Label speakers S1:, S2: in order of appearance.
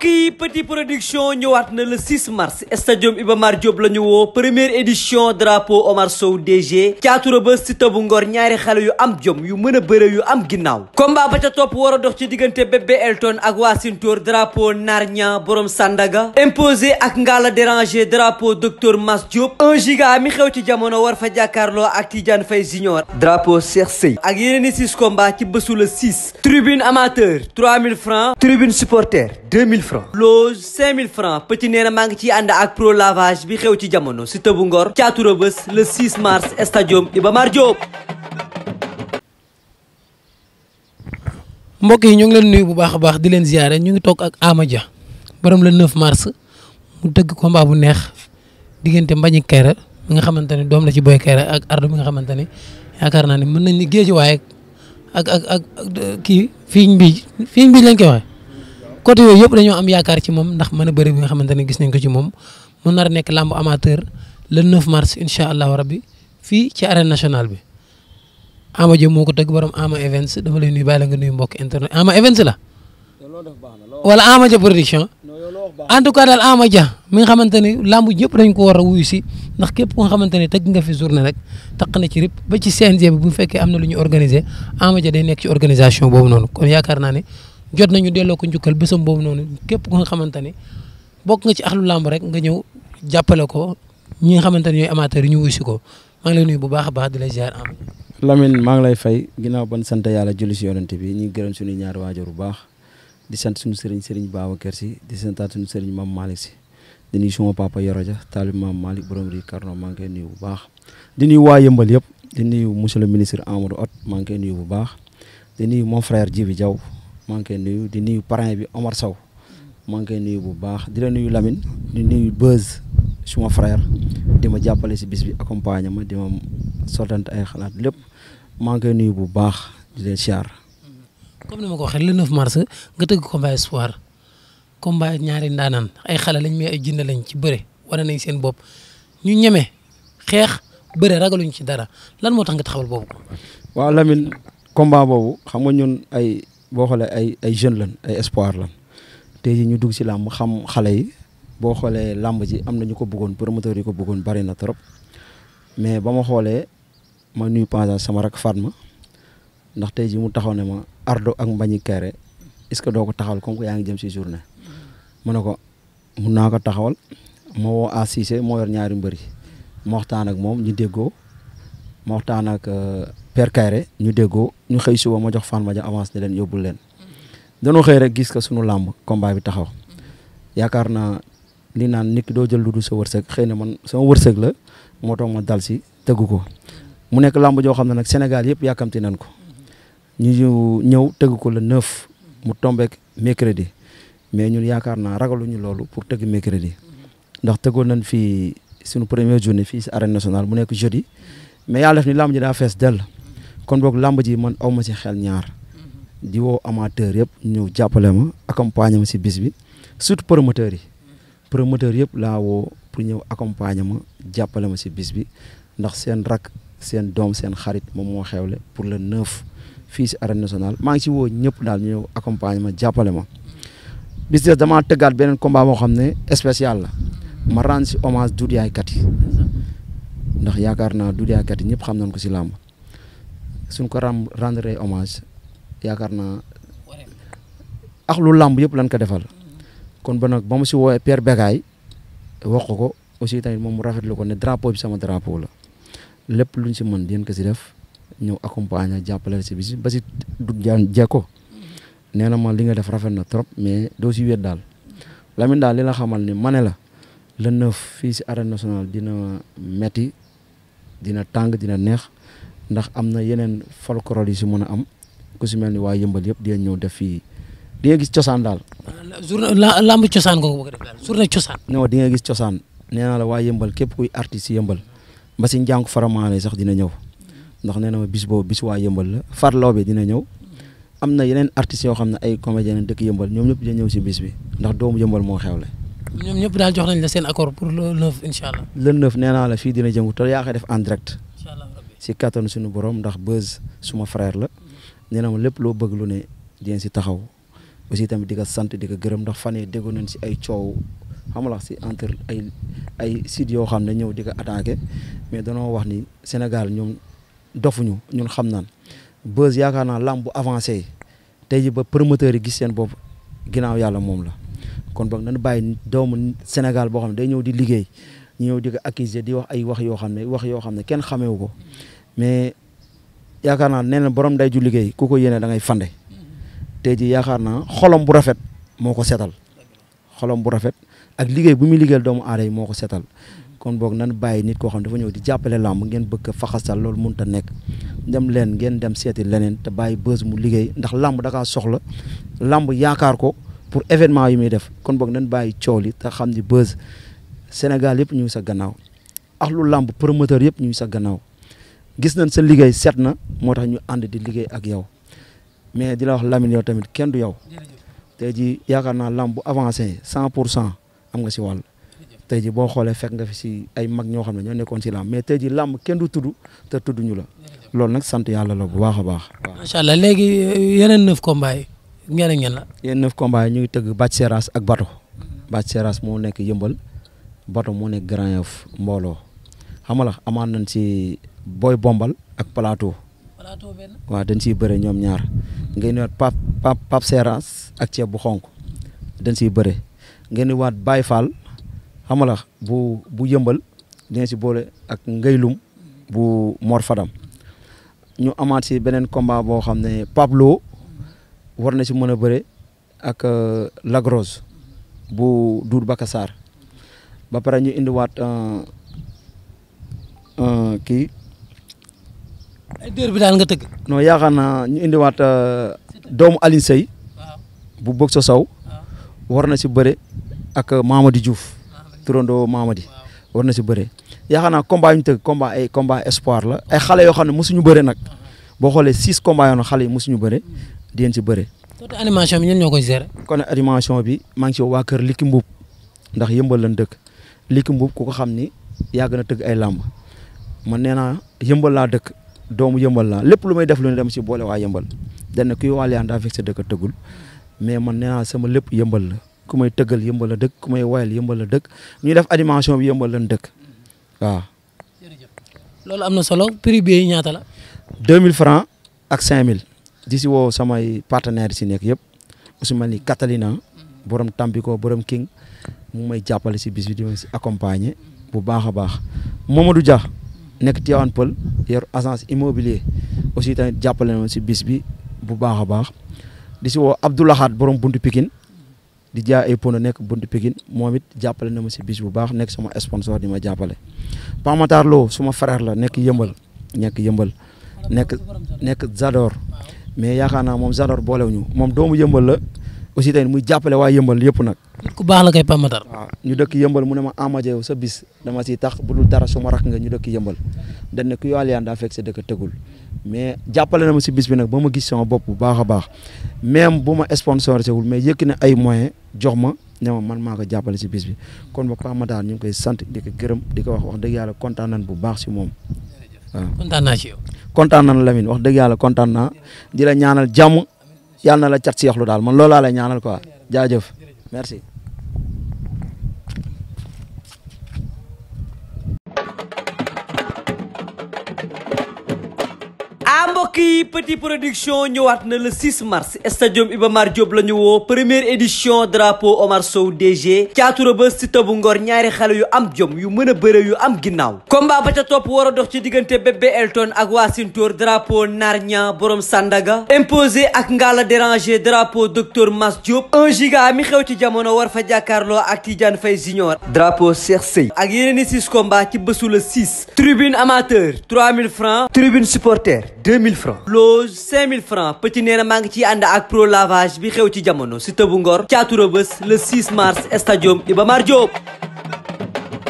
S1: mbokk yi petit production ñëwaat na le 6 mars stadium Iba Mar Diop la ñu woo première édition drapeau Omar Sow DG caatu Rebeuss Siteu Ngor ñaari xale yu am jom yu mën a bëre yu am ginnaaw combat ba ca topp war a dox ci diggante Bébé Elton ak Wassintor drapeau Narnia borom Sandaga imposé ak Ngala déranger drapeau docteur Mas Diop 1 giga mi xew ci jamono war fa jàkkaarloo ak Tidiane Faye Junior drapeau Cheikh Sey ak yeneen i 6 combat ci bésu le 6 tribune amateur 3000 francs francs loge 5000 francs petit nee ngi ciy ànd ak pro bi xew ci jamono si tëbu ngor caatu rëbës le 6 mars stadium Iba Mar yi
S2: ñu ngi leen nuyu bu baax a baax di leen ziare ñu ngi toog ak Ama borom le 9 mars mu tëgg combat bu neex diggante mbañ Kaïré mi nga xamante ne doom la ci Boy Kaïré ak Ardo mi nga xamante ne yaakaar naa ne mën nañ ni géej waaye ak ak ak kii fiiñ mbiij fiiñ mbiij lañ koy waxee côté yooyu yëpp dañoo am yaakaar ci moom ndax mën a bëri bi nga xamante ne gis nañ ko ci moom mu nar nekk làmb amateur le 9 mars incha allahu rabbi fii ci arène nationale bi Ama Diop moo ko tëgg borom Ama Events dafa lay nuyu bàyyi la nga nuyu mbokk internet Ama Events la wala Ama Dia production en tout cas daal Ama Dia xamante ne làmb ñëpp dañ ko war a wuyu si ndax képp ku nga xamante ne tëgg nga fi journée rek taq na ci rip ba ci CNG bi bu fekkee am na lu ñu organiser Ama Dia nekk ci organisation boobu noonu kon yaakaar naa ne jot nañu delloo ko njukkal bésam boobu noonu képp ko nga xamante ne bokk nga ci axlu làmb rek nga ñëw jàppale ko ñi nga xamante ne ñooy amateur yi ñu si ko maa bu baax a baax di la ziar am
S3: Lamine maa ngi lay fay ginnaaw ban sant yàlla julli si yonent bi ñu gërëm suñu ñaari waajur bu baax di sant suñu sëriñ sëriñ Babacar si di santaat suñu sëriñ Mame Malick si di nuyu suma papa Yoroja taalib Mame Malick borom di karno maa ngi koy nuyu bu baax di nuyu waa yëmbal yëpp di nuyu monsieur le ministre Amadou Hott maa ngi koy nuyu bu baax di nuyu mon frère Djibi Diaw maa ngi koy nuyu di nuyu parrain bi Omar Sow maa koy nuyu bu baax di la nuyu Lamine di nuyu Beuz suma frère di ma jàppale si bis bi accompagner ma di ma sottante ay xalaat lépp maa ngi koy nuyu bu baax di leen siyaar.
S2: comme ni ma ko waxee le 9 mars nga tëgg combat espoir combat ñaari ndaanaan ay xale lañ mais ay jinne lañ ci bëre wane nañ seen bopp ñu ñeme xeex bëre ragaluñ ci dara lan moo tax nga taxawal boobu.
S3: waaw Lamine combat boobu xam ay. boo xoolee ay ay jeunes lan ay espoir lan tey jii ñu dugg si làmb xam xale yi boo xoolee làmb ji am na ñu ko pour promoteur yi ko bëggoon bari na trop mais ba ma xoolee ma nuyu passage sama rak ma ndax tey ji mu taxaw ne ma ardo ak mbañ kere est-ce que doo ko taxawal comme que yaa ngi jëm si journée mu ne ko mun naa ko taxawal ma woo Assise moo yor ñaari mbëri ma waxtaan ak moom ñi déggoo ma waxtaan euh, Père Kayre ñu déggoo ñu xëy suba ma jox Fatma Dia avance ne leen yóbbul leen danoo xëy rek gis ko sunu làmb combat bi taxaw yaakaar naa li naan nit doo jël lu dul sa wërsëg xëy na man sama wërsëg la moo tax ma dal si tëgg ko mu nekk làmb joo xam ne nag Sénégal yëpp yàkkamti nañ ko ñu ñëw tëgg ko le 9 mu tombeek mercredi mais ñun yaakaar naa ñu loolu pour tëgg mercredi ndax tëggoon nañ fii suñu première journée fi si arène nationale mu nekk jeudi mais yàlla def ni làmb ji daa fees dell kon boog làmb ji man aw ma si xel ñaar di woo amateur yëpp ñëw jàppale ma accompagner ma si bis bi surtout promoteurs yi promoteurs yëpp laa woo pour ñëw accompagner ma jàppale ma si bis bi ndax seen rak seen doom seen xarit moom moo xewle pour le neuf fii si arène national maa ngi si woo ñëpp daal ñëw accompagner ma jàppale ma bis des damaa tëggaat beneen combat boo xam ne spécial la ma rendre si hommage Doudou Yaye Kati ndax yaakaar naa Doudou Kati ñëpp xam nañ ko si làmb suñ ko ram rendre hommage yaakaar naa ak lu làmb yëpp lañ ko defal kon ba nag ba mu si woowee Père Begaay wax ko aussi tamit moom mu rafetlu ko ne drapeau bi sama drapeau la lépp luñ si mën dinañ ka si def ñëw accompagner jàppale si bi ba si du jaan jekko nee na ma li nga def rafet na trop mais doo si wéet daal lamin daal li la xamal ni ma ne la le neuf fii si arène nationale dina metti dina tàng dina neex ndax am na yeneen folklore yi si mën am ku si mel ni waa yëmbal yëpp di ñëw def fii di gis cosaan daal. journée lamb cosaan nga ko bëgg a def daal journée cosaan. non di nga gis cosaan nee la waa yëmbal képp kuy artiste yëmbal ba si njàng faramaane sax dina ñëw ndax nee na ma bis boobu bis waa yëmbal la farloo bi dina ñëw na yeneen artistes yoo xam ne ay comédien dëkk yëmbal ñoom ñëpp dina ñëw si bis bi ndax doomu moo xewle.
S2: ñoom ñëpp daal jox nañ la seen
S3: naa la fii dina jëngu te yaa koy def en direct si kattan suñu boroom ndax Beuz suma frère la nee na ma lépp loo bëgg lu ne di si taxaw aussi tamit di ko sant di ko gërëm ndax fan yii déggoon si ay coow xam nga si entre ay ay sites yoo xam ne ñëw di ko attaqué mais danoo wax ni Sénégal ñoom dofuñu ñun xam naan Beuz yaakaar naa lamb bu avancé tey ji ba promoteur yi gis seen bopp ginnaaw yàlla moom la kon boog nañu bàyyi doomu Sénégal boo xam ne day ñëw di liggéey. ñëw di ko accuser di wax yoo xam ne wax yoo xam ne kenn xamewu ko mais yaakaar naa nee na borom day ju liggéey ku ko yéene da ngay fande te ji yaakaar naa xolom bu rafet moo ko setal xolom bu rafet ak liggéey bu muy liggéeyal doomu aada yi moo ko setal kon boog nan bàyyi nit koo xam dafa ñëw di jàppale làmb ngeen bëgg a faxasal loolu mënut ta nekk dem leen ngeen dem seeti leneen te bàyyi bës mu liggéey ndax làmb da kaa soxla làmb yaakaar ko pour événement yi muy def kon Sénégal yëpp ñu ngi sa gannaaw ak lu làmb promoteur yëpp ñu ngi sa gannaaw gis nañ sa liggéey set na moo tax ñu ànd di liggéey ak yow mais di la wax Lamine yow tamit kenn du yow tey ji yaakaar naa làmb bu avancé cent pour cent am nga si wàll tey ji boo xoolee fekk nga fi si ay mag ñoo xam ne ñoo nekkoon si làmb mais tey ji làmb kenn du tudd te tudd ñu la loolu nag sant yàlla la bu baax a baax.
S2: macha allah léegi
S3: euh, yeneen neuf combats yi ñeneen ñan la. yeneen neuf combats yi ñu ngi tëgg Bathie Seras ak Bato mm-hmm. Bathie Seras moo nekk yëmbal. bato moo nekk Grand Yoff mbooloo xam nga la nañ si Boy Bombal ak Plateau. Plateau benn dañ siy bëre ñoom ñaar ngay nuyuwaat Pape Pape Pape Seras ak ceeb bu xonk dañ siy bëre ngay nuyuwaat Baye Fall xam nga bu bu yëmbal dina si boole ak Ngaylum bu Mor Fadam ñu amaat si beneen combat boo xam ne Pablo war na si mën a bëre ak euh, lagros bu Doudou Bakassar ba pare ñu indiwaat euh, euh, kii. ay dër bi daal nga tëgg. non yaakaar naa ñu indiwaat euh, doomu Alioune Seye. bu sa saw. war na si bëre ak Mamady Diouf. turandoo Mamady. war na si bëre yaakaar naa combat yu ñu tëgg combat ay espoir la ay xale yoo xam ne ñu bëre nag uh-huh. boo xoolee six combat xale yi mosuñu bëre hmm. di ngeen si bëre.
S2: côté animation bi ñun ñoo
S3: kon animation bi maa ngi si waa kër Likki Mbuub ndax yëmbal lan dëkk. Lick Mbuub ku ko xam ni yàgg na tëgg ay làmb man nee naa yëmbal laa dëkk doomu yëmbal laa lépp lu may def lu ne dem si boole waa yëmbal dañ ne kuy waal yaa daa fekk sa dëkk mais man nee naa sama lépp yëmbal la ku may tëggal yëmbal la dëkk may wayal yëmbal la dëkk ñuy def animation bi yëmbal lan dëkk waaw.
S2: loolu am na solo prix bi ñaata la.
S3: mille francs ak 5000 di si woo samay partenaires si nekk yëpp su mel ni Catalina borom Tampico borom King mu may jàppale si bis bi di ma si accompagner bu baax a baax Mamadou Dia nekk Tivaouane Peulh yor agence immobilier aussi tamit jàppale na si bi bu baax a baax di si woo Abdoulahat borom buntu Pikine di jaay ay pono nekk buntu Pikine moom it jàppale na ma si bis bu baax nekk sama sponsor di ma jàppale Pape Matar Lo suma frère la nekk yëmbal nekk yëmbal nekk nekk Zador mais yaakaar naa moom Zador boolewuñu moom doomu yëmbal la aussi tamit muy jàppale waa yëmbal yëpp nag. nit ku baax la kay Pape Matar. waaw ñu dëkk yëmbal mu ne ma Ama Dia yow sa bis dama siy tax bu dara su ma rakk nga ñu dëkk yëmbal dañ ne ku yàlla daa fekk sa dëkk tëggul mais jàppale na ma si bis bi nag ba ma gis sama bopp bu baax a baax même bu ma sponsorisé wul mais yëkk na ay moyens jox ma ne ma man maa ko jàppale si bis bi kon ba Pape Matar ñu ngi koy sant di ko gërëm di ko wax wax dëgg yàlla kontaan nañ bu baax si moom kontaan naa si yow. kontaan nañ Lamine wax dëgg yàlla kontaan naa di la ñaanal jàmm yàlla na la cat si yaxlu daal man loolu laa lay ñaanal quoi jaajëf merci.
S1: mbokk yi petit production ñëwaat na le 6 mars stadium Iba Mar Diop la ñu woo première édition drapeau Omar Sow DG caatu Rebeuss Siteu bu Ngor ñaari xale yu am jom yu mën a bëre yu am ginnaaw combat ba ca topp war a dox ci diggante Bébé Elton ak Wassintor drapeau Narnia borom Sandaga imposé ak Ngala déranger drapeau docteur Mas Diop 1 giga mi xew ci jamono war fa jàkkaarloo ak Tidiane Faye Junior drapeau Cheikh Sey ak yeneen i 6 combat ci bésu le 6 tribune amateur 3000 francs tribune supporter francs loge 5000 francs petit nee na maa ngi ciy ànd ak pro lavage bi xew ci jamono si tëbu ngor caatu Rebeuss le 6 mars stadium Iba Mar